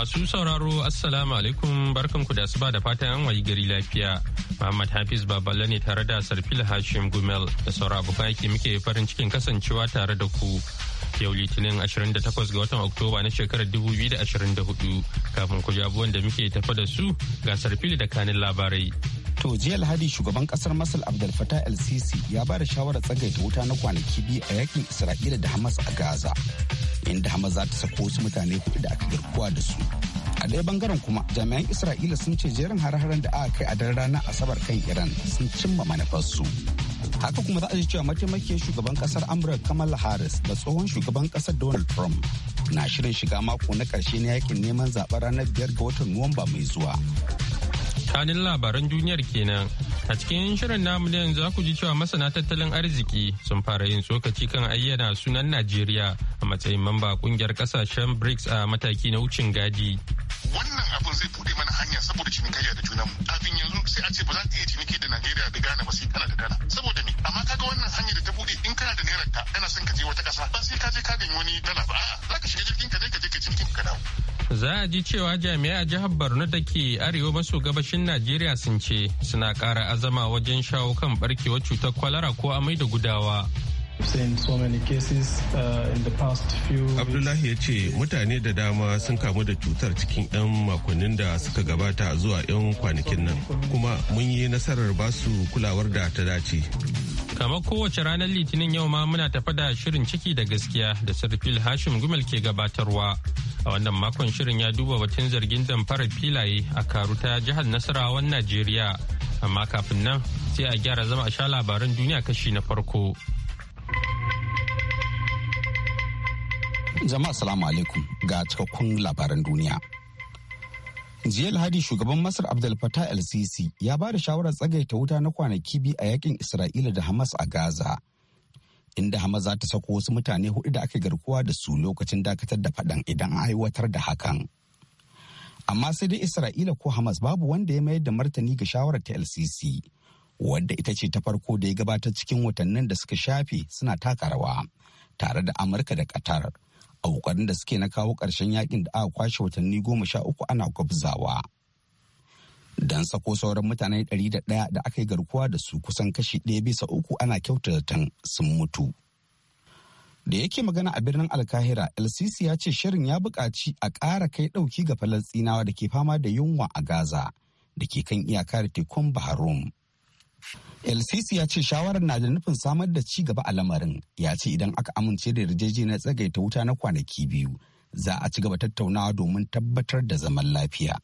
Masu sauraro Assalamu alaikum barkanku da asuba da fatan an wayi gari lafiya. Muhammad Hafiz Baballe ne tare da Sarfil Hashim Gumel da saura abokan aiki muke farin cikin kasancewa tare da ku. Yau Litinin 28 ga watan Oktoba na shekarar 2024 kafin ku jabuwan wanda muke tafa da su ga Sarfil da kanin labarai. To jiya alhaji shugaban kasar Masar Abdel Fattah El Sisi ya ba da shawarar tsagaita wuta na kwanaki biyu a yakin Isra'ila da Hamas a Gaza. inda hamas za ta sako wasu mutane hudu da aka garkuwa da su a ɗaya bangaren kuma jami'an isra'ila sun ce jerin har-haren da aka kai a daren ranar asabar kan iran sun cimma manufarsu haka kuma za a ji cewa mataimakin shugaban kasar amurka kamala harris da tsohon shugaban kasar donald trump na shirin shiga mako na karshe na yakin neman zaɓen ranar biyar ga watan nuwamba mai zuwa kanin labaran duniyar kenan A cikin shirin namu da yanzu ku ji cewa masana tattalin arziki sun fara yin tsokaci kan ayyana sunan Najeriya a matsayin mamba kungiyar kasashen BRICS a mataki na wucin gadi. Wannan abin zai buɗe mana hanya saboda cinikayya da junanmu. Kafin yanzu sai a ce ba za ka iya ciniki da Najeriya da Ghana ba sai kana da dala. Saboda me? Amma kaga wannan hanya da ta buɗe in kana da naira ka kana son ka je wata kasa ba sai ka je ka gani wani dala ba. za ka shiga jirgin ka je ka je ka jirgin ka dawo. za a ji cewa jami'a a jihar borno da ke arewa maso gabashin najeriya sun ce suna kara azama wajen shawo kan barkewar cutar kwalara ko amai da gudawa uh, Abdullahi ya ce mutane da dama sun kamu da cutar cikin 'yan makonnin da suka gabata zuwa 'yan kwanakin nan kuma mun yi nasarar basu kulawar da ta dace. Kamar kowace ranar litinin yau ma muna tafa da shirin ciki da gaskiya da sarfil Hashim Gumel ke gabatarwa a wannan makon shirin ya duba batun zargin damfara filaye a karuta jihar nasarawan najeriya amma kafin nan sai a gyara zama a sha labaran duniya kashi na farko jama'a salamu alaikum ga cikakkun labaran duniya jiya lahadi shugaban masar abdul fattah el sisi ya ba da shawarar tsagaita wuta na kwanaki biyu a yakin isra'ila da hamas a gaza inda Hamas za ta sako wasu mutane hudu da aka garkuwa da su lokacin dakatar da faɗan idan an aiwatar da hakan. Amma sai dai Isra'ila ko Hamas babu wanda ya mayar da martani ga shawarar ta LCC, wadda ita ce ta farko da ya gabatar cikin watannin da suka shafe suna taka rawa tare da Amurka da Qatar a da suke na kawo ƙarshen yakin da aka kwashe watanni goma sha uku ana gwabzawa. don sako sauran mutane ɗari da ɗaya da aka yi garkuwa da su kusan kashi ɗaya bisa uku ana kyautatan sun mutu. Da yake magana a birnin Alkahira, LCC ya ce shirin ya buƙaci a ƙara kai ɗauki ga falastinawa da ke fama da yunwa a Gaza da ke kan iyakar tekun Bahrum. LCC ya ce shawarar na da nufin samar da ci gaba a lamarin, ya ce idan aka amince da yarjejeniyar tsagaita wuta na kwanaki biyu, za a ci gaba tattaunawa domin tabbatar da zaman lafiya.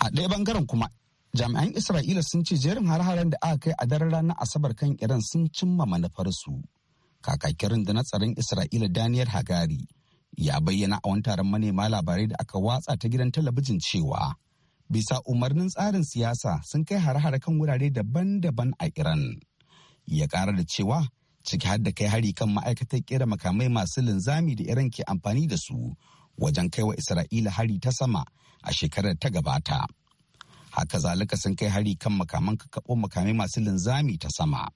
a ɗaya bangaren kuma jami'an isra'ila sun ce jerin har-haren da aka kai a daren ranar asabar kan iran sun cimma manufarsu kakakin na tsaron isra'ila daniel hagari ya bayyana a wani taron manema labarai da aka watsa ta gidan talabijin cewa bisa umarnin tsarin siyasa sun kai har-hare kan wurare daban-daban a iran ya kara da cewa ciki har da kai hari kan ma'aikatar kera makamai masu linzami da iran ke amfani da su wajen kai wa isra'ila hari ta sama a shekarar ta gabata. Haka zalika sun kai hari kan makaman kakaɓo makamai masu linzami ta sama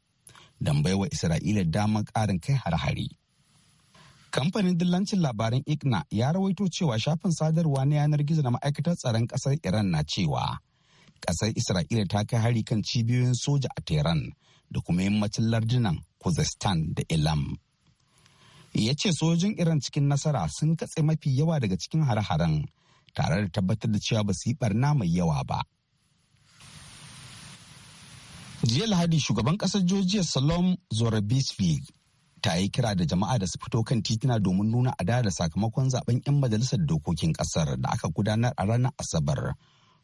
don baiwa Isra'ila damar ƙarin kai har-hari. Kamfanin dillancin labaran Igna ya rawaito cewa shafin sadarwa na yanar gizo na ma'aikatar tsaron ƙasar Iran na cewa ƙasar Isra'ila ta kai hari kan cibiyoyin soja a Tehran da kuma yammacin lardunan Kuzestan da Ilam. ya ce sojojin iran cikin nasara sun katse mafi yawa daga cikin har-haren tare da tabbatar da cewa ba su yi barna mai yawa ba. jiya lahadi shugaban kasar georgia salom zorabisvig ta yi kira da jama'a da su fito kan titina domin nuna da sakamakon zaben 'yan majalisar dokokin kasar da aka gudanar a ranar asabar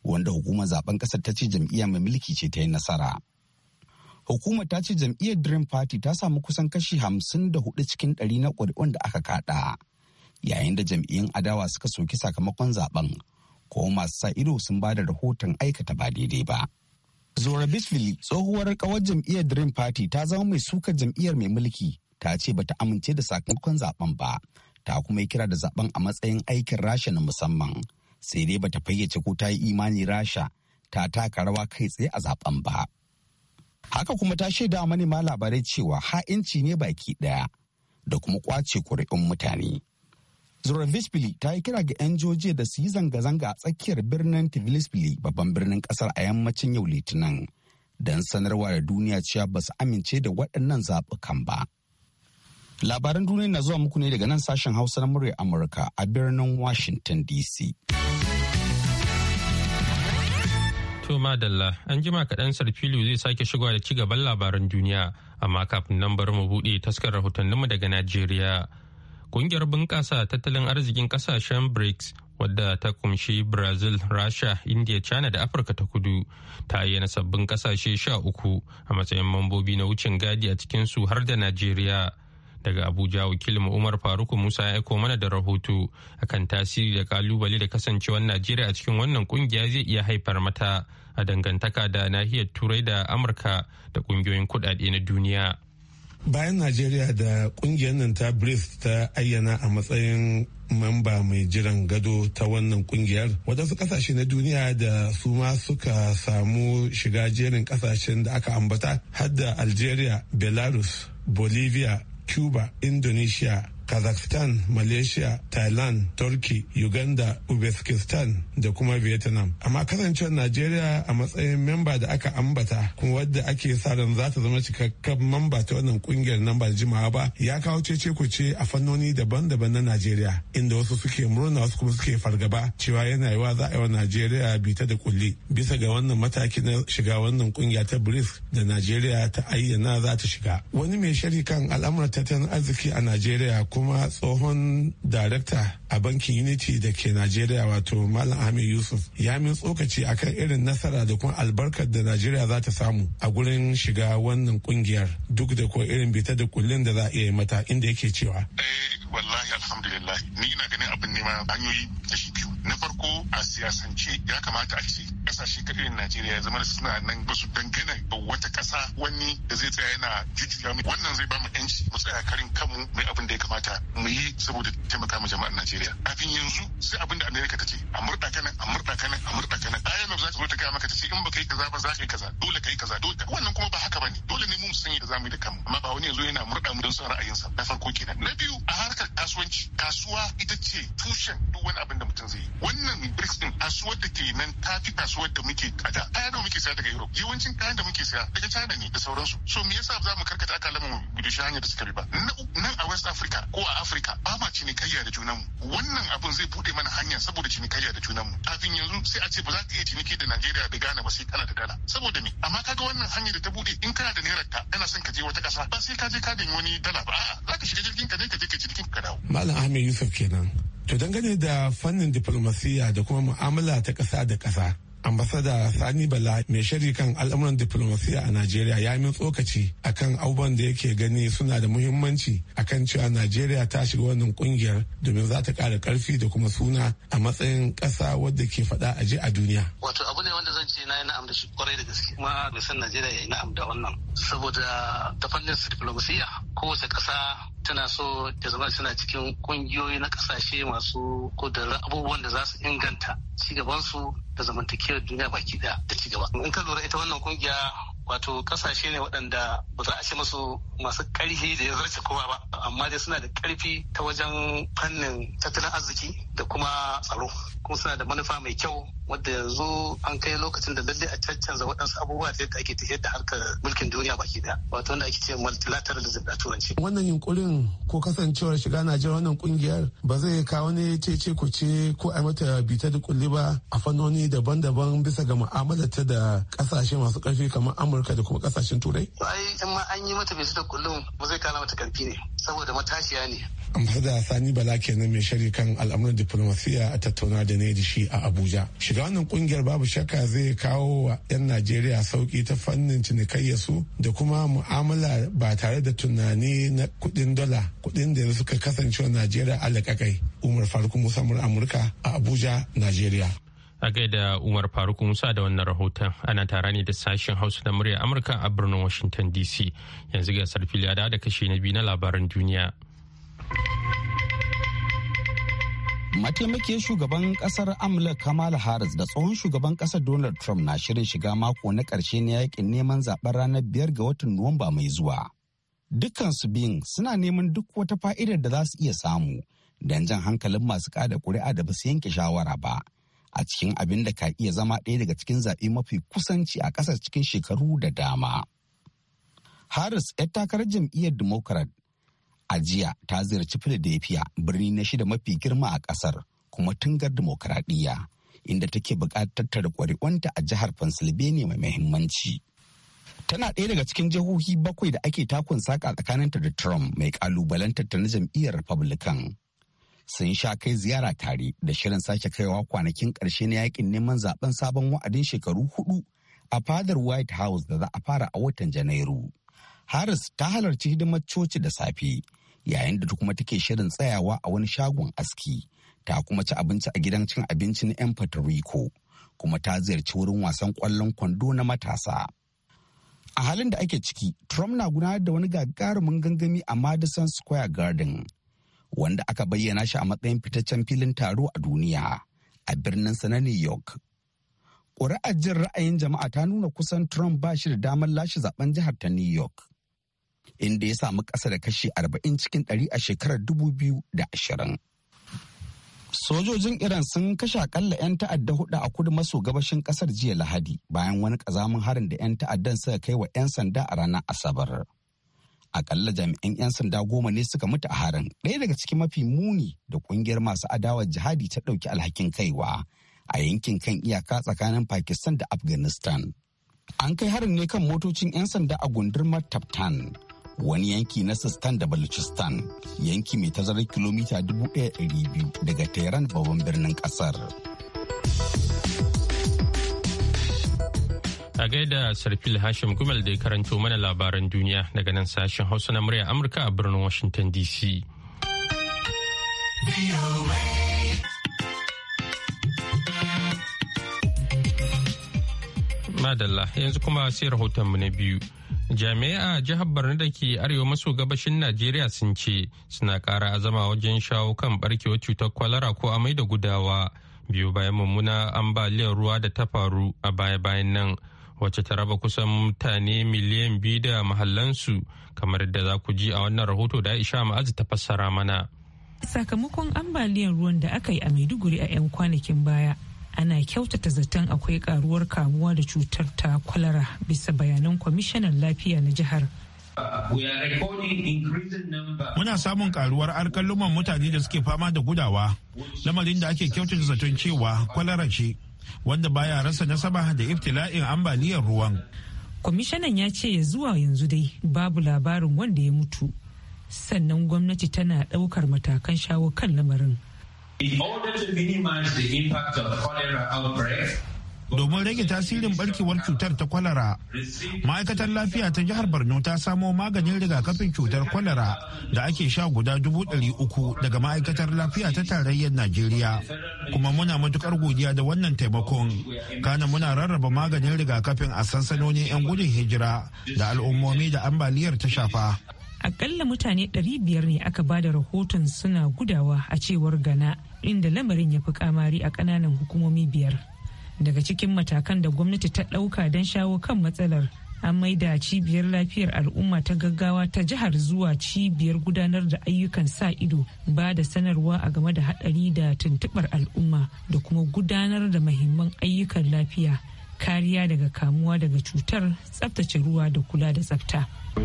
wanda hukumar zaben kasar ta ce jam'iyya mai mulki ce ta yi nasara hukumar ta ce jam'iyyar dream party ta samu kusan kashi hamsin da hudu cikin ɗari na ƙuri'un da aka kaɗa. yayin da jam'iyyun adawa suka soki sakamakon zaben ko masu sa ido sun ba da rahoton aikata ba daidai ba. Zora Bisfili tsohuwar kawar jam'iyyar Dream Party ta zama mai suka jam'iyyar mai mulki ta ce bata amince da sakamakon zaben ba ta kuma yi kira da zaben a matsayin aikin rasha na musamman sai dai bata fayyace ko ta yi imani rasha ta taka rawa kai tsaye a zaben ba. Haka kuma ta shaida manema labarai cewa ha'inci ne baki ɗaya da kuma kwace ƙuri'un mutane. Zorovishvili ta yi kira ga 'yan Jojiya da su yi zanga-zanga a tsakiyar birnin Tbilisi babban birnin kasar a yammacin yau Litinin don sanarwa da duniya cewa ba su amince da waɗannan zaɓukan ba. Labaran duniya na zuwa muku ne daga nan sashen Hausa na murya Amurka a birnin Washington DC. To Madalla, an jima kaɗan Sarfilu zai sake shigowa da ci gaban labaran duniya, amma kafin nan bari mu buɗe taskar rahotanninmu daga Najeriya. Kungiyar bunƙasa tattalin arzikin ƙasashen BRICS wadda ta kumshi Brazil, Rasha, India, China da Afirka ta kudu ta na sabbin ƙasashe sha uku a matsayin mambobi na wucin gadi a cikin su har da Najeriya. Daga Abuja wakilin Umar Faruk Musa ya aiko mana da rahoto akan tasiri da kalubale da kasancewar Najeriya a cikin wannan kungiya zai iya haifar mata a dangantaka da nahiyar Turai da Amurka da kungiyoyin kudade na duniya. bayan najeriya da kungiyar nan ta bris ta ayyana a matsayin mamba mai jiran gado ta wannan kungiyar wadansu kasashe na duniya da su ma suka samu shiga jerin kasashen da aka ambata har da algeria belarus bolivia cuba indonesia kazakhstan malaysia thailand turkey uganda uzbekistan da kuma vietnam amma kasancewar najeriya a matsayin memba da aka ambata kuma wadda ake sa ran za ta zama cikakken mamba ta wannan kungiyar nan ba jimawa ba ya kawo cece ce a fannoni daban-daban na najeriya inda wasu suke murna wasu kuma suke fargaba cewa yana yiwa za a yi wa najeriya bita da kulli bisa ga wannan mataki na shiga wannan kungiya ta bris da najeriya ta ayyana za ta shiga wani mai shari kan al'amuran tattalin arziki a najeriya kuma tsohon darakta a bankin unity da ke najeriya wato malam ahmed yusuf ya min tsokaci akan irin nasara da kuma albarkar da najeriya za ta samu a gurin shiga wannan kungiyar duk da ko irin bita da kullun da za a iya mata inda yake cewa eh, wallahi alhamdulillah ni ina ganin abin nema hanyoyi kashi biyu na farko a siyasance ya kamata a ce kasashe irin Najeriya ya zama suna nan ba su dangana ba wata kasa wani da zai tsaya yana jujjuya mu wannan zai ba mu yanci mu tsaya karin kanmu mai abin da ya kamata mu yi saboda taimaka ma jama'ar Najeriya kafin yanzu sai abin da Amerika ta ce a murda kana a murda kana a murda kanan IMF za ta zo ta gaya maka ta ce in ba kai kaza ba za ka yi kaza dole ka yi kaza dole wannan kuma ba haka bane dole ne mu yadda da mu yi da kanmu amma ba wani yanzu yana murda mu don son ra'ayinsa na farko kenan na biyu a harkar kasuwanci kasuwa ita ce tushen duk wani abin da mutum zai yi wannan BRICS din kasuwar da ke nan ta fi kasuwa kasuwar da muke kada kayan da muke saya daga Europe yawancin kayan da muke saya daga China ne da sauransu so me yasa za mu karkata akalamin mu bidishi hanyar da suka bi ba nan a West Africa ko a Africa ba ma cinikayya da junanmu wannan abin zai bude mana hanya saboda cinikayya da junanmu kafin yanzu sai a ce ba za ka iya ciniki da Najeriya da Ghana ba sai kana da dala saboda me amma kaga wannan hanyar da ta bude in kana da naira ka kana son ka je wata kasa ba sai ka je ka dinga wani dala ba a'a za ka shiga jirgin ka ne ka je ka jirgin ka dawo Malam Ahmed Yusuf kenan To dangane da fannin diplomasiya da kuma mu'amala ta ƙasa da ƙasa, ambasada sani bala mai shari kan al'amuran diplomasiya a najeriya ya min tsokaci akan abubuwan da yake gani suna da muhimmanci akan cewa najeriya ta shiga wannan kungiyar domin za ta kara karfi da kuma suna a matsayin ƙasa wadda ke faɗa a je a duniya wato abu ne wanda zan ce na yi na'am da shi kwarai da gaske kuma san najeriya ya yi na'am da wannan saboda ta fannin diplomasiya kowace kasa tana so ta zama suna cikin kungiyoyi na kasashe masu kudurin abubuwan da za su inganta cigabansu da zamantakewar duniya baki da da cigaba. In ka lura ita wannan kungiya wato kasashe ne waɗanda ba za a ce masu masu ƙarfi da ya zarce kowa ba amma dai suna da ƙarfi ta wajen fannin tattalin arziki da kuma tsaro kuma suna da manufa mai kyau wadda yanzu an kai lokacin da lalle a caccanza waɗansu abubuwa ta yadda ake tafiyar da harkar mulkin duniya baki da wato wanda ake ce multilateralism da turanci wannan yunkurin ko kasancewar shiga najeriya wannan kungiyar ba zai kawo ne cece ku ce ko a mata bita da kulli ba a fannoni daban-daban bisa ga mu'amalar ta da kasashe masu karfi kamar amurka da kuma kasashen turai ai in ma an yi mata bita da kullum ba zai kawo mata karfi ne saboda matashiya ne da sani bala kenan mai shari kan al'amuran diplomasiya a tattauna da na da shi a abuja shiga wannan kungiyar babu shakka zai kawo wa 'yan najeriya sauki ta fannin cinikayya da kuma mu'amala ba tare da tunani na kudin dala kuɗin da suka kasance wa Najeriya alakakai. Umar Faruk Musa Amurka a Abuja, Najeriya. A gaida Umar Faruk Musa da wannan rahoton ana tara ne da sashen Hausa da murya Amurka a birnin Washington DC. Yanzu ga sarfiliya da da kashe na biyu na labaran duniya. Mataimakin shugaban kasar Amla Kamal Harris da tsohon shugaban kasar Donald Trump na shirin shiga mako na ƙarshe na yakin neman zaben ranar biyar ga watan Nuwamba mai zuwa. su biyun suna neman duk wata fa'idar da za su iya samu don jan hankalin masu kada ƙuri'a da ba su yanke shawara ba a cikin abin da ka iya zama ɗaya daga cikin zaɓe mafi kusanci a ƙasar cikin shekaru da dama. Harris 'yar takarar jam'iyyar Democrat a jiya ta ziyarci Philadelphia birni na shida mafi girma a ƙasar kuma tungar dimokuraɗiyya inda take buƙatar tattara ƙwari'unta a jihar Pennsylvania mai muhimmanci. tana ɗaya daga cikin jihohi bakwai da ake takun saƙa tsakaninta da Trump mai ƙalubalantar ta na jam'iyyar Republican. Sun sha kai ziyara tare da shirin sake kaiwa kwanakin ƙarshe na yakin neman zaben sabon wa'adin shekaru hudu a fadar White House da za a fara a watan Janairu. Harris ta halarci hidimar coci da safe yayin da kuma take shirin tsayawa a wani shagon aski ta kuma ci abinci a gidan cin abinci na 'yan Puerto Rico kuma ta ziyarci wurin wasan kwallon kwando na matasa. a halin da ake ciki trump na gudanar da wani gagarumin gangami a madison square garden wanda aka bayyana shi a matsayin fitaccen filin taro a duniya a birnin sa na new york ƙuri'ar jin ra'ayin jama'a ta nuna kusan trump ba shi da damar lashe zaben jihar ta new york inda ya samu ƙasa da kashi 40 cikin 100 a shekarar 2020 Sojojin Iran sun kashe akalla 'yan ta'adda hudu a kudu maso gabashin kasar jiya Lahadi bayan wani kazamin harin da 'yan ta'addan suka kai wa 'yan sanda a ranar Asabar. Akalla jami'an 'yan sanda goma ne suka mutu a harin, ɗaya daga cikin mafi muni da kungiyar masu adawar jihadi ta ɗauki alhakin kaiwa a yankin kan iyaka tsakanin Pakistan da Afghanistan. An kai harin ne kan motocin 'yan sanda a gundurmar Taptan wani yanki na sistan da baluchistan yanki mai tazarar kilomita 1,200 daga tehran babban birnin kasar a gaida sarfil hashim Gumel da ya karanto mana labaran duniya daga nan sashen hausa na murya amurka a birnin washington dc madalla yanzu kuma sai rahoton mu na biyu jami'a jihar borno da ke arewa maso gabashin najeriya sun ce suna kara azama wajen shawo kan barkewar cutar kwalara ko amai da gudawa biyu bayan mummuna ambaliyar ruwa da ta faru a baya-bayan nan wacce ta raba kusan mutane miliyan biyu da mahallansu kamar da za ku ji a wannan rahoto da aisha ma'azi ta fassara mana sakamakon ambaliyar ruwan da aka yi a maiduguri a 'yan kwanakin baya ana kyautata zaton akwai karuwar kamuwa da cutar ta kwalara bisa bayanan kwamishinan lafiya na jihar Muna samun karuwar alkaluman mutane da suke fama da gudawa, lamarin da ake kyautata zaton cewa kwalara ce, wanda baya rasa nasaba da iftila'in ambaliyar ruwan. Kwamishinan ya ce ya zuwa yanzu dai babu labarin wanda ya mutu, sannan gwamnati tana ɗaukar matakan shawo kan lamarin. In order to minimize the impact of cholera outbreak, domin rage tasirin barkewar cutar ta kwalara ma'aikatar lafiya ta jihar borno ta samo maganin rigakafin cutar kwalara da ake sha guda dubu ɗari uku daga ma'aikatar lafiya ta tarayyar najeriya kuma muna matukar godiya da wannan taimakon kana muna rarraba maganin rigakafin a sansanonin 'yan gudun hijira da al'ummomi da ambaliyar ta shafa akalla mutane 500 ne aka ba da rahoton suna gudawa a cewar gana inda lamarin ya fi kamari a kananan hukumomi biyar daga cikin matakan da gwamnati ta ɗauka don shawo kan matsalar an maida cibiyar lafiyar al'umma ta gaggawa ta jihar zuwa cibiyar gudanar da ayyukan sa ido ba da sanarwa a game da haɗari da tuntuɓar al'umma da kuma gudanar da mahimman ayyukan lafiya kariya daga kamuwa daga cutar tsabtace ruwa da kula da tsabta. Uh,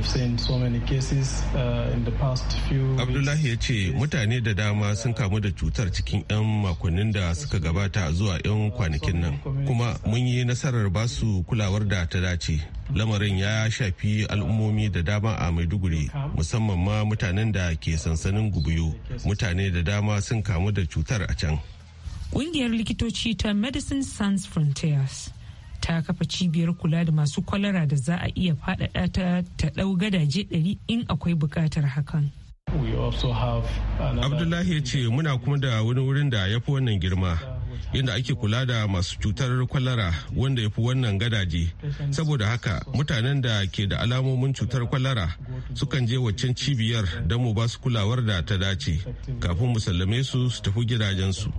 Abdullahi ya ce mutane da dama sun kamu da cutar cikin 'yan makonnin da suka gabata zuwa 'yan kwanakin nan kuma mun yi nasarar basu kulawar da ta dace. Lamarin ya shafi al'ummomi da dama a Maiduguri musamman ma mutanen da ke sansanin gubiyo mutane da dama sun kamu da cutar a can. Ƙungiyar likitoci ta Medicine Sans Frontiers ta kafa cibiyar kula da masu kwalara da za a iya faɗaɗa ta ta ɗau gadaje ɗari in akwai bukatar hakan. Abdullahi ya ce muna kuma da wani wurin da ya fi wannan girma inda ake kula da masu cutar kwalara wanda ya fi wannan gadaje saboda haka mutanen da ke da alamomin cutar kwalara sukan je waccan cibiyar don mu ba su kulawar da ta dace kafin mu sallame su su tafi gidajensu.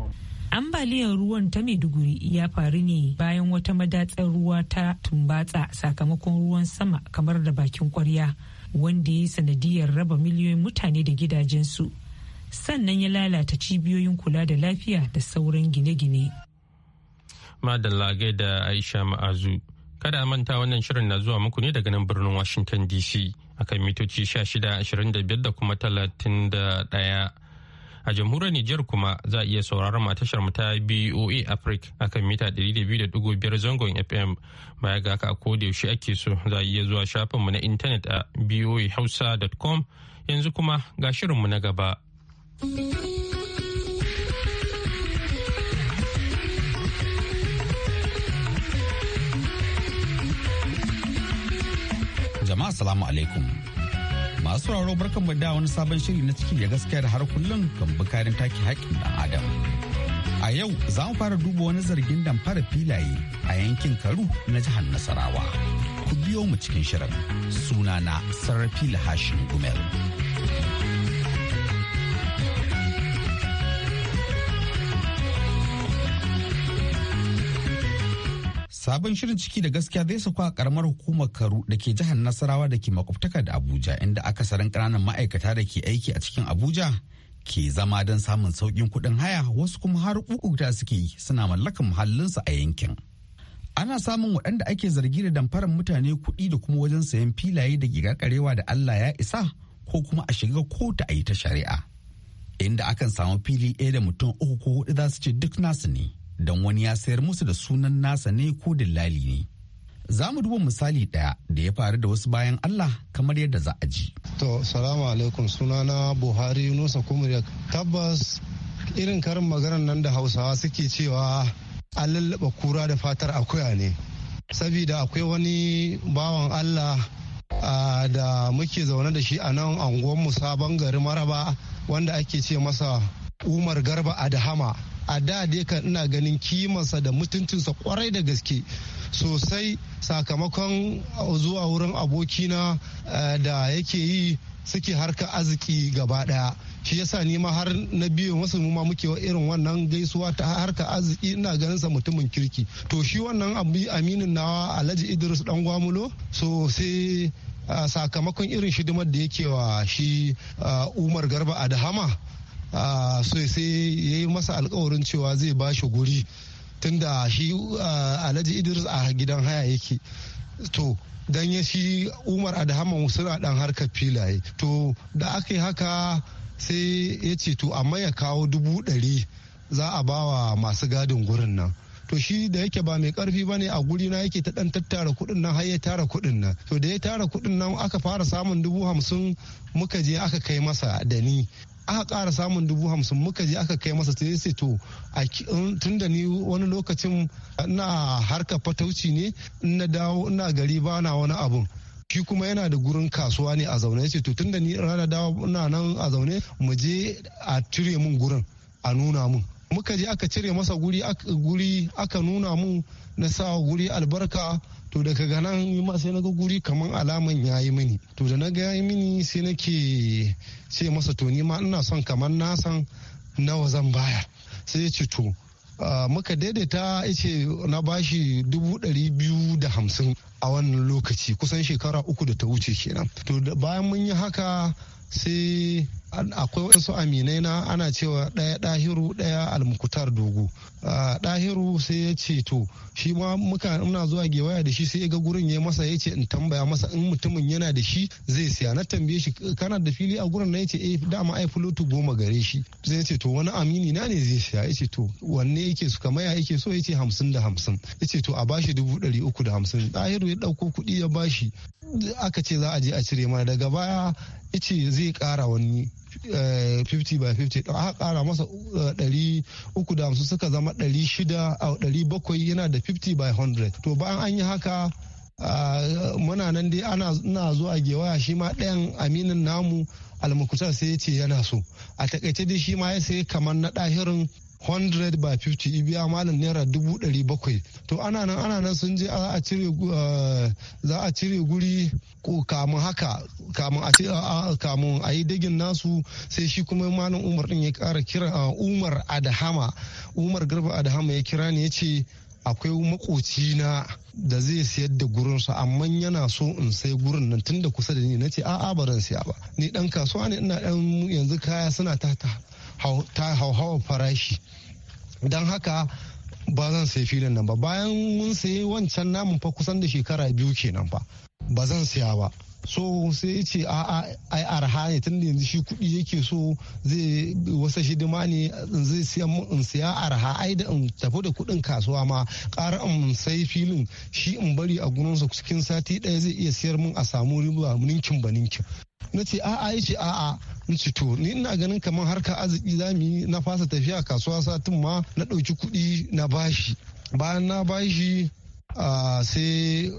ambaliyar ruwan ta maiduguri ya faru ne bayan wata madatsar ruwa ta tumbatsa sakamakon ruwan sama kamar da bakin kwarya wanda ya sanadiyar raba miliyoyin mutane da gidajensu sannan ya lalata cibiyoyin kula da lafiya da sauran gine-gine madalla da aisha ma'azu kada a manta wannan shirin na zuwa muku ne daga nan birnin washington dc akan mitoci 25 da kuma 31 A jamhuriyar Nijar kuma za a iya sauraron tashar mu ta BOA Africa akan mita 200.5 zangon FM. Baya ga haka ko da yaushe ake so za a iya zuwa shafinmu na intanet a boahausa.com yanzu kuma ga mu na gaba. Jama'a salamu alaikum. masu sauraro barkan mu da wani sabon shiri na ciki da gaskiya da har kullum kan bukarin take haƙƙin dan adam a yau za mu fara duba wani zargin damfara filaye a yankin karu na jihar nasarawa ku biyo mu cikin shirin sunana sarrafi lahashin gumel Sabon shirin ciki da gaskiya zai sauka a karamar hukumar Karu da ke jihar Nasarawa da ke makwabtaka da Abuja inda akasarin ƙananan ma'aikata da ke aiki a cikin Abuja ke zama don samun sauƙin kuɗin haya wasu kuma har da suke yi suna mallakan muhallinsu a yankin. Ana samun waɗanda ake zargi da damfarar mutane kuɗi da kuma wajen sayan filaye da karewa da Allah ya isa ko kuma a shiga kotu a yi ta shari'a. Inda akan samu fili ɗaya da mutum uku ko huɗu za su ce duk nasu ne. don wani ya sayar musu da sunan nasa ne ko dillali ne. Za mu duba misali ɗaya da ya faru da wasu bayan Allah kamar yadda za a ji. To, salamu alaikum sunana Buhari Nusa Kumriya. Tabbas irin karin maganar nan da Hausawa suke cewa an lallaba kura da fatar akuya ne. Sabida akwai wani bawan Allah da muke zaune da shi a nan anguwan sabon gari maraba wanda ake ce masa Umar Garba Adahama. a da dai kan ina ganin kimarsa da mutuncinsa kwarai da gaske sosai sakamakon zuwa wurin abokina eh, da yake yi suke harka arziki gaba daya shi yasa ni ma har na biyu wasu mu ma muke irin wannan gaisuwa ta harka arziki ina ganin sa mutumin kirki to shi wannan aminin nawa alhaji idris dan gwamulo so sai eh, sakamakon irin shidimar da yake wa shi eh, umar garba adahama so sai ya yi masa alkawarin cewa zai ba shi guri tunda shi alhaji idris a gidan haya yake to dan ya shi umar adhaman suna dan harkar filaye to da aka yi haka sai ya ce to amma ya kawo dubu ɗari za a ba wa masu gadin gurin nan to shi da yake ba mai karfi ba ne a guri na yake ta dan tattara kudin nan har ya tara kudin nan to da ya tara kudin nan aka fara samun dubu hamsin muka je aka kai masa da ni aka kara samun dubu hamsin muka je aka kai masa sai to tun da ni wani lokacin na harka fatauci ne na dawo ina gari ba na wani abun shi kuma yana da gurin kasuwa ne a zaune ce to tun da ni rana dawo ina nan a zaune mu je a cire min gurin a nuna mun muka je aka cire masa guri aka nuna mu na sa guri albarka to daga ganan yi ma sai naga guri kaman alaman ya yi mini to da naga yi mini sai nake ce masa to ni ma ina son kaman na san nawa zan baya sai ya ce to ah, muka daidaita ya ce na bashi dubu ɗari biyu da hamsin a wannan lokaci kusan shekara uku da ta wuce kenan to bayan mun yi haka sai akwai wasu aminai na ana cewa ɗaya ɗahiru ɗaya almukutar dogo ɗahiru sai ya ce to shi ma muka muna zuwa gewaya da shi sai ya ga gurin ya masa ya ce in tambaya masa in mutumin yana da shi zai siya na tambaye shi kana da fili a gurin na ya ce eh dama ai fulotu goma gare shi zai ce to wani amini na ne zai siya ya ce to wanne yake su kamaya yake so ya ce hamsin da hamsin ya ce to a bashi dubu ɗari uku da hamsin dahiru ya ɗauko kuɗi ya bashi aka ce za a je a cire mana daga baya ya ce zai ƙara wani 50 eh, by 50 ɗan aka ƙara masa 350 eh, suka zama 600 a 700 yana da 50 by 100 to bayan an yi haka muna nan dai ana zuwa gewaya shi ma ɗayan aminin namu almakuta sai ya ce yana so a takaice dai shi ma ya sai kamar na ɗahirin 100 by 50 ibiya malam naira dubu ɗari bakwai to ana nan ana nan sun je a cire za a cire guri ko kamun haka kamun a ce kamun a yi dagin nasu sai shi kuma malam umar din ya kara kira umar adahama umar garba adahama ya kira ne ya ce akwai makoci na da zai sayar da sa amma yana so in sai gurin nan tunda kusa da ni nace a'a ba zan siya ba ni dan kasuwa ne ina dan yanzu kaya suna tata ta hauhawar farashi don haka ba zan sayi filin nan ba bayan mun sayi wancan namun fa kusan da shekara biyu kenan ba ba zan siya ba so sai ce a ai arha ne tun da yanzu shi kuɗi yake so zai wasa hidima ne zai siya in siya arha ai da in tafi da kuɗin kasuwa ma ƙara in sai filin shi in bari a gurinsa cikin sati ɗaya zai iya siyar min a samu riba ninkin ba ninkin na ce a'a ya ce a'a in ce to ni ina ganin kamar harka arziki za mu yi na fasa tafiya kasuwa satin ma na ɗauki kuɗi na bashi bayan na bashi sai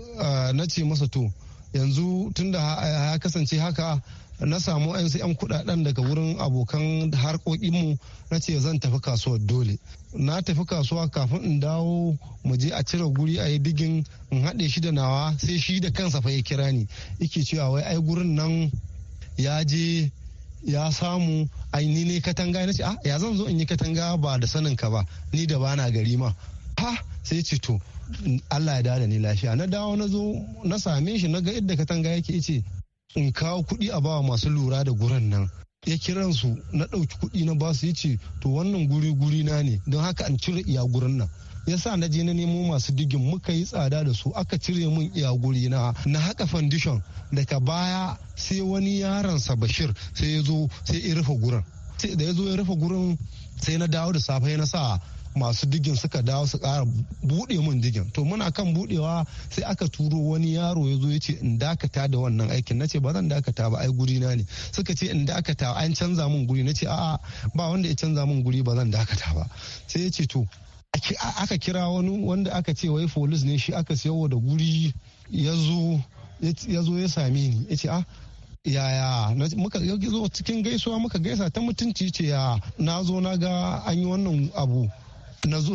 na ce masa to yanzu tunda ya kasance haka na samu yan yan kudaden daga wurin abokan harkokinmu na ce zan tafi kasuwar dole na tafi kasuwa kafin in dawo mu je a cire guri a yi digin in haɗe shi da nawa sai shi da kansa fa ya kira ni yake cewa wai ai gurin nan ya je ya samu aini ne katanga na ce a ah, ya zan zo in yi katanga ba da sanin ka ba ni da bana gari ma ha sai ce to Allah ya dada ni lafiya na dawo na zo na same shi na ga idda katanga yake ce in kawo kuɗi a bawa masu lura da gurin nan ya kiran su na ɗauki kuɗi na ba su ce to wannan guri guri na ne don haka an cire iya gurin nan yasa na je na nemo masu digin muka yi tsada da su aka cire min iyaguri na na haka foundation daga baya sai wani yaransa bashir sai ya zo sai ya rufe gurin sai da ya zo ya rufe gurin sai na dawo da safe na sa masu digin suka dawo su kara bude mun digin to muna kan budewa sai aka turo wani yaro ya zo ya ce in dakata da wannan aikin na ce ba zan dakata ba ai guri na ne suka ce in dakata an canza mun guri na ce a'a ba wanda ya canza mun guri ba zan dakata ba sai ya ce to aka kira wani wanda aka ce wai folis ne shi aka siyo da guri ya zo ya same ni ya ce ah yaya muka zo cikin gaisuwa muka gaisa ta mutunci ce ya na zo na ga an yi wannan abu na zo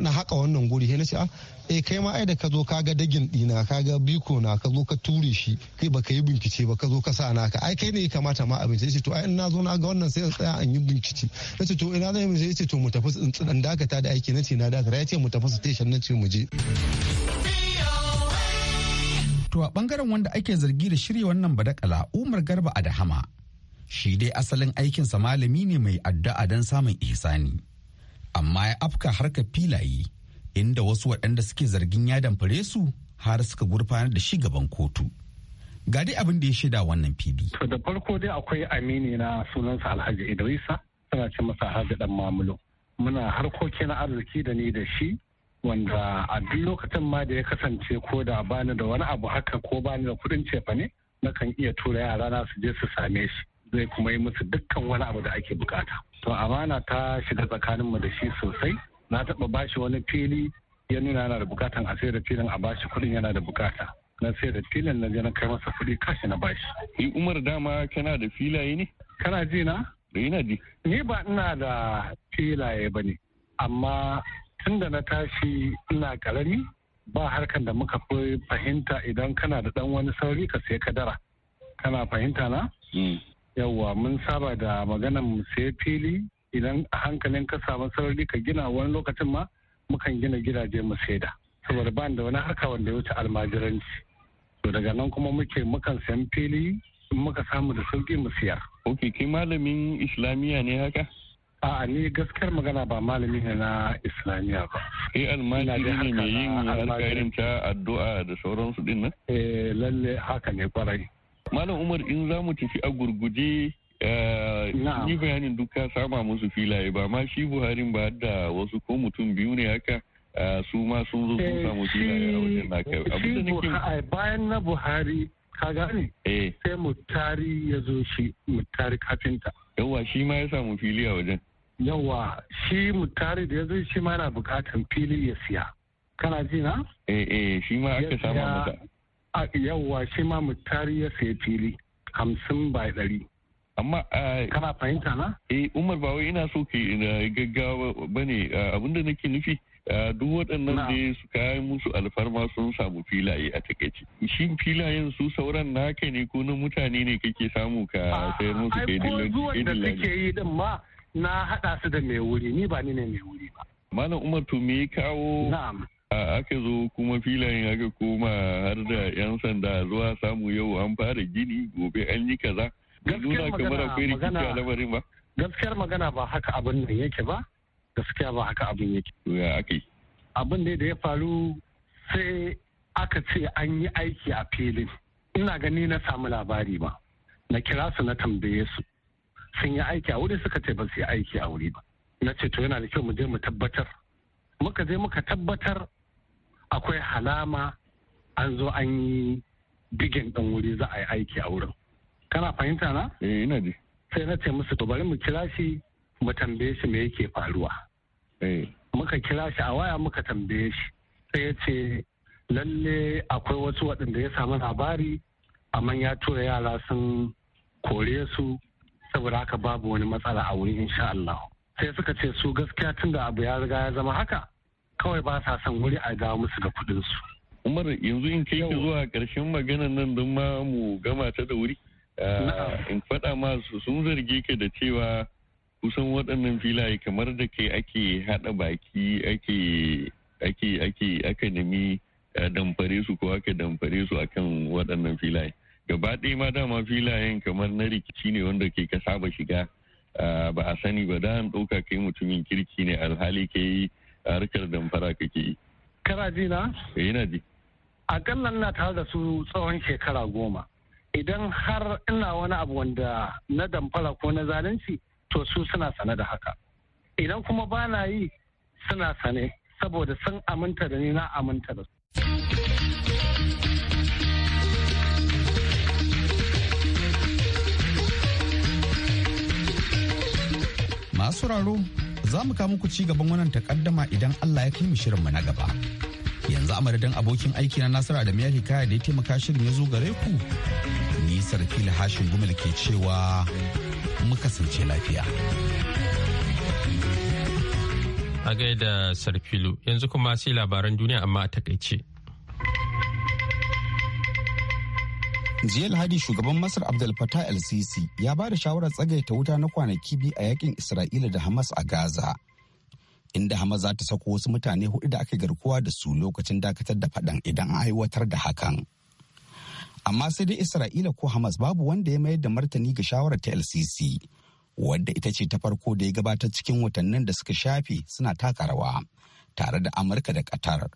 na haka wannan guri na ce a ah, eh, kai ma ai da ka zo ka ga dagin dina ka ga biko na ka zo ka ture shi kai baka yi bincike ba ka zo ka sa naka ai kai ne ya kamata ma abin sai ce to ai in na zo na ga wannan sai tsaya an yi bincike na ce to ina zai mu sai ce to mu tafi dan dakata da aiki na ce na dakata ya ce mu tafi station na ce mu je to a bangaren wanda ake zargi da shirya wannan badakala Umar Garba Adahama shi dai asalin aikinsa malami ne mai addu'a don samun ihsani amma ya afka harka filaye inda wasu waɗanda suke zargin ya damfare su har suka gurfanar da shi gaban kotu. Ga abin da ya shaida wannan fili. To da farko dai akwai amini na sunansa Alhaji Idrisa suna ce masa Alhaji Dan Mamulo. Muna harkoki na arziki da ni da shi wanda a duk lokacin ma da ya kasance ko da bani da wani abu haka ko bani da kuɗin cefane ne nakan iya tura yara na su je su same shi. zai kuma yi musu dukkan wani abu da ake bukata to amana ta shiga tsakanin mu da shi sosai na taba bashi wani fili ya nuna yana da bukatan a sai da filin a bashi kuɗin yana da bukata na sai da filin na je na kai masa kuɗi kashi na bashi. Ni Umar dama kana da filaye ne? Kana ji na? Da na ji. Ni ba ina da filaye ba ne, amma tun da na tashi ina karami ba harkan da muka fi fahimta idan kana da ɗan wani sauri ka sai kadara. Kana fahimta na? Mm. yawwa mun saba da maganan sai fili idan hankalin ka samu sarari ka gina wani lokacin ma mukan gina gidaje mu saida saboda ba da wani harka wanda ya wuce almajiranci to daga nan kuma muke mukan sayan fili in muka samu da sauki mu siyar ok kai malamin islamiyya ne haka a ni gaskiyar magana ba malami ne na islamiyya ba eh almajiri ne mai yin harka irin ta addu'a da sauransu din nan eh lalle haka ne kwarai Malam Umar in za mu tafi a gurguje eh, ni bayanin duk ka sama musu filaye ba ma shi Buharin ba da wasu ko mutum biyu ne haka eh, su ma sun zo sun eh, samu filaye a wajen naka. bayan na Buhari ka gane sai mutari ya zo shi mutari kafinta. Yawa shi ma ya samu fili a wajen. Yawa shi mutari da ya zo shi ma na bukatan fili ya siya. Kana ji na? Eh eh shi ma aka sama masa. yawwa shi ma mu ya sai fili hamsin bai ɗari amma kana fahimta na eh umar ba wai ina so ke gaggawa ba ne abinda nake nufi duk waɗannan da su kayan musu alfarma sun samu filaye a takaici shin filayen su sauran naka ne ko na mutane ne kake samu ka sayar musu ka dillan ko da suke yi din ma na haɗa su da mai wuri ni ba ni ne mai wuri ba malam umar to me kawo a aka zo kuma filayen aka koma har da 'yan sanda zuwa samu yau an fara gini gobe an yi kaza nuna kamar a gaskiyar magana ba haka abin da yake ba gaskiya ba haka abin yake ya ake abin da ya faru sai aka ce an yi aiki a filin ina gani na samu labari ba na kira su na tambaye su sun yi aiki a wuri suka ce ba su yi aiki a wuri ba na ce to yana da kyau mu je mu tabbatar muka je muka tabbatar akwai halama an zo an yi digin ɗan wuri za a yi aiki a wurin kana fahimta na? eh ina ji sai na ce musu bari mu kira shi mu tambaye shi me yake faruwa eh. muka kira shi a waya muka tambaye shi sai ya ce lalle akwai wasu waɗanda ya samu labari amma ya tura yara sun kore su saboda haka babu wani matsala a wuri insha Allah sai suka ce su gaskiya tunda abu ya riga ya zama haka kawai ba sa son wuri a ga musu da kuɗin su. Umar yanzu in kai zuwa ƙarshen magana nan don ma mu gama ta da wuri. Ah, in faɗa masu sun zarge ka da cewa kusan waɗannan filaye kamar da kai ake haɗa baki ake ake ake aka nemi ah, damfare su ko aka damfare su akan waɗannan filaye. Gaba ɗaya ma dama filayen kamar na rikici ne wanda ke ka saba shiga ah, ba a sani ba da an ɗauka kai mutumin kirki ne alhali kai harkar damfara kake yi kana ji na yana eh, ji na tare da su tsawon shekara goma idan har ina wani abu wanda na damfara ko na zalunci to su suna sane da haka idan kuma ba na yi suna sane saboda sun aminta da ni na aminta da su masu raro za mu kawo muku ci gaban wannan takaddama idan Allah ya kai mu shirin mu na gaba. Yanzu a madadin abokin aiki na Nasiru da ya Hikaya da ya taimaka shirin ya gare ku. Ni Sarfil Hashin Gumal ke cewa mu kasance lafiya. A gaida Sarfilu yanzu kuma sai labaran duniya amma a takaice. jiya Hadi shugaban masar abdul fatah el sisi ya ba da shawarar tsagaita wuta na kwanaki biyu a yakin isra'ila da hamas a gaza inda hamas za ta sako wasu mutane hudu da aka garkuwa da su lokacin dakatar da faɗan idan an aiwatar da hakan amma sai dai isra'ila ko hamas babu wanda ya mayar da martani ga shawarar ta lcc wadda ita ce ta farko da ya gabatar cikin watannin da suka shafe suna taka rawa tare da amurka da qatar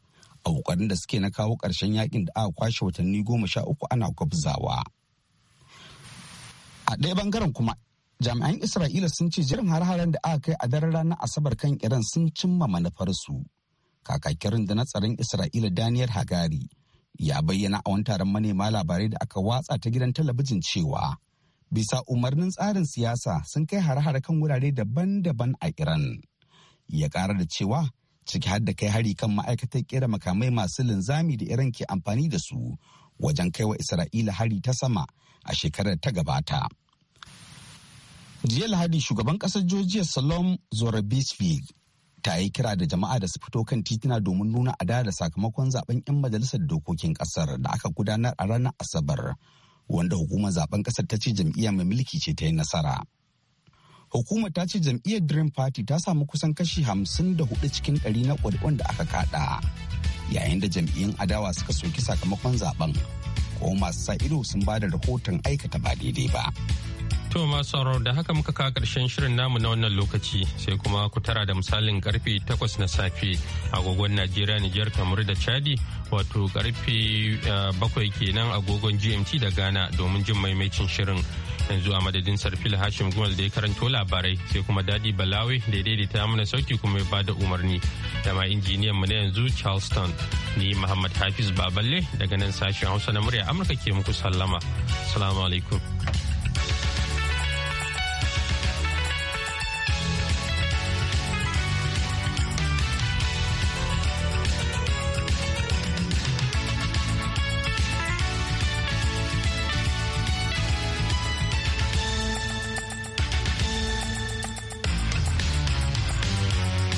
a kokarin da suke na kawo ƙarshen yakin da aka kwashe watanni goma sha uku ana gwabzawa. A ɗaya bangaren kuma jami'an Isra'ila sun ce jirin har-haren da aka kai a daren ranar Asabar kan Iran sun cimma manufarsu. Kakakirin da na tsaron Isra'ila Daniel Hagari ya bayyana a wani taron manema labarai da aka watsa ta gidan talabijin cewa bisa umarnin tsarin siyasa sun kai har-hare kan wurare daban-daban a Iran. Ya ƙara da cewa ciki har da kai hari kan ma'aikatar kera makamai masu linzami da iran ke amfani da su wajen kai wa isra'ila hari ta sama a shekarar ta gabata jiya lahadi shugaban kasar georgia salom zorabisvig ta yi kira da jama'a da su fito kan titina domin nuna adada da sakamakon zaben 'yan majalisar dokokin kasar da aka gudanar a ranar asabar wanda hukumar zaben kasar ta ce jam'iyya mai mulki ce ta yi nasara hukumar ta ce jam'iyyar dream party ta samu kusan kashi hamsin da hudu cikin ɗari na ƙuri'un da aka kada yayin da jam'iyyun adawa suka soki sakamakon zaben ko masu sa ido sun ba da rahoton aikata ba daidai ba to masu sauraro da haka muka kawo karshen shirin namu na wannan lokaci sai kuma ku tara da misalin karfe 8 na safe agogon najeriya niger kamar da chadi wato karfe 7 eh, kenan agogon gmt da ghana domin jin maimaicin shirin yanzu a madadin sarfil hashim gumal da ya karanto labarai sai kuma dadi balawe da ya daidaita mana sauki kuma ya bada umarni da ma injiniyan mu na yanzu charleston ni muhammad hafiz baballe daga nan sashen hausa na murya amurka ke muku sallama salamu alaikum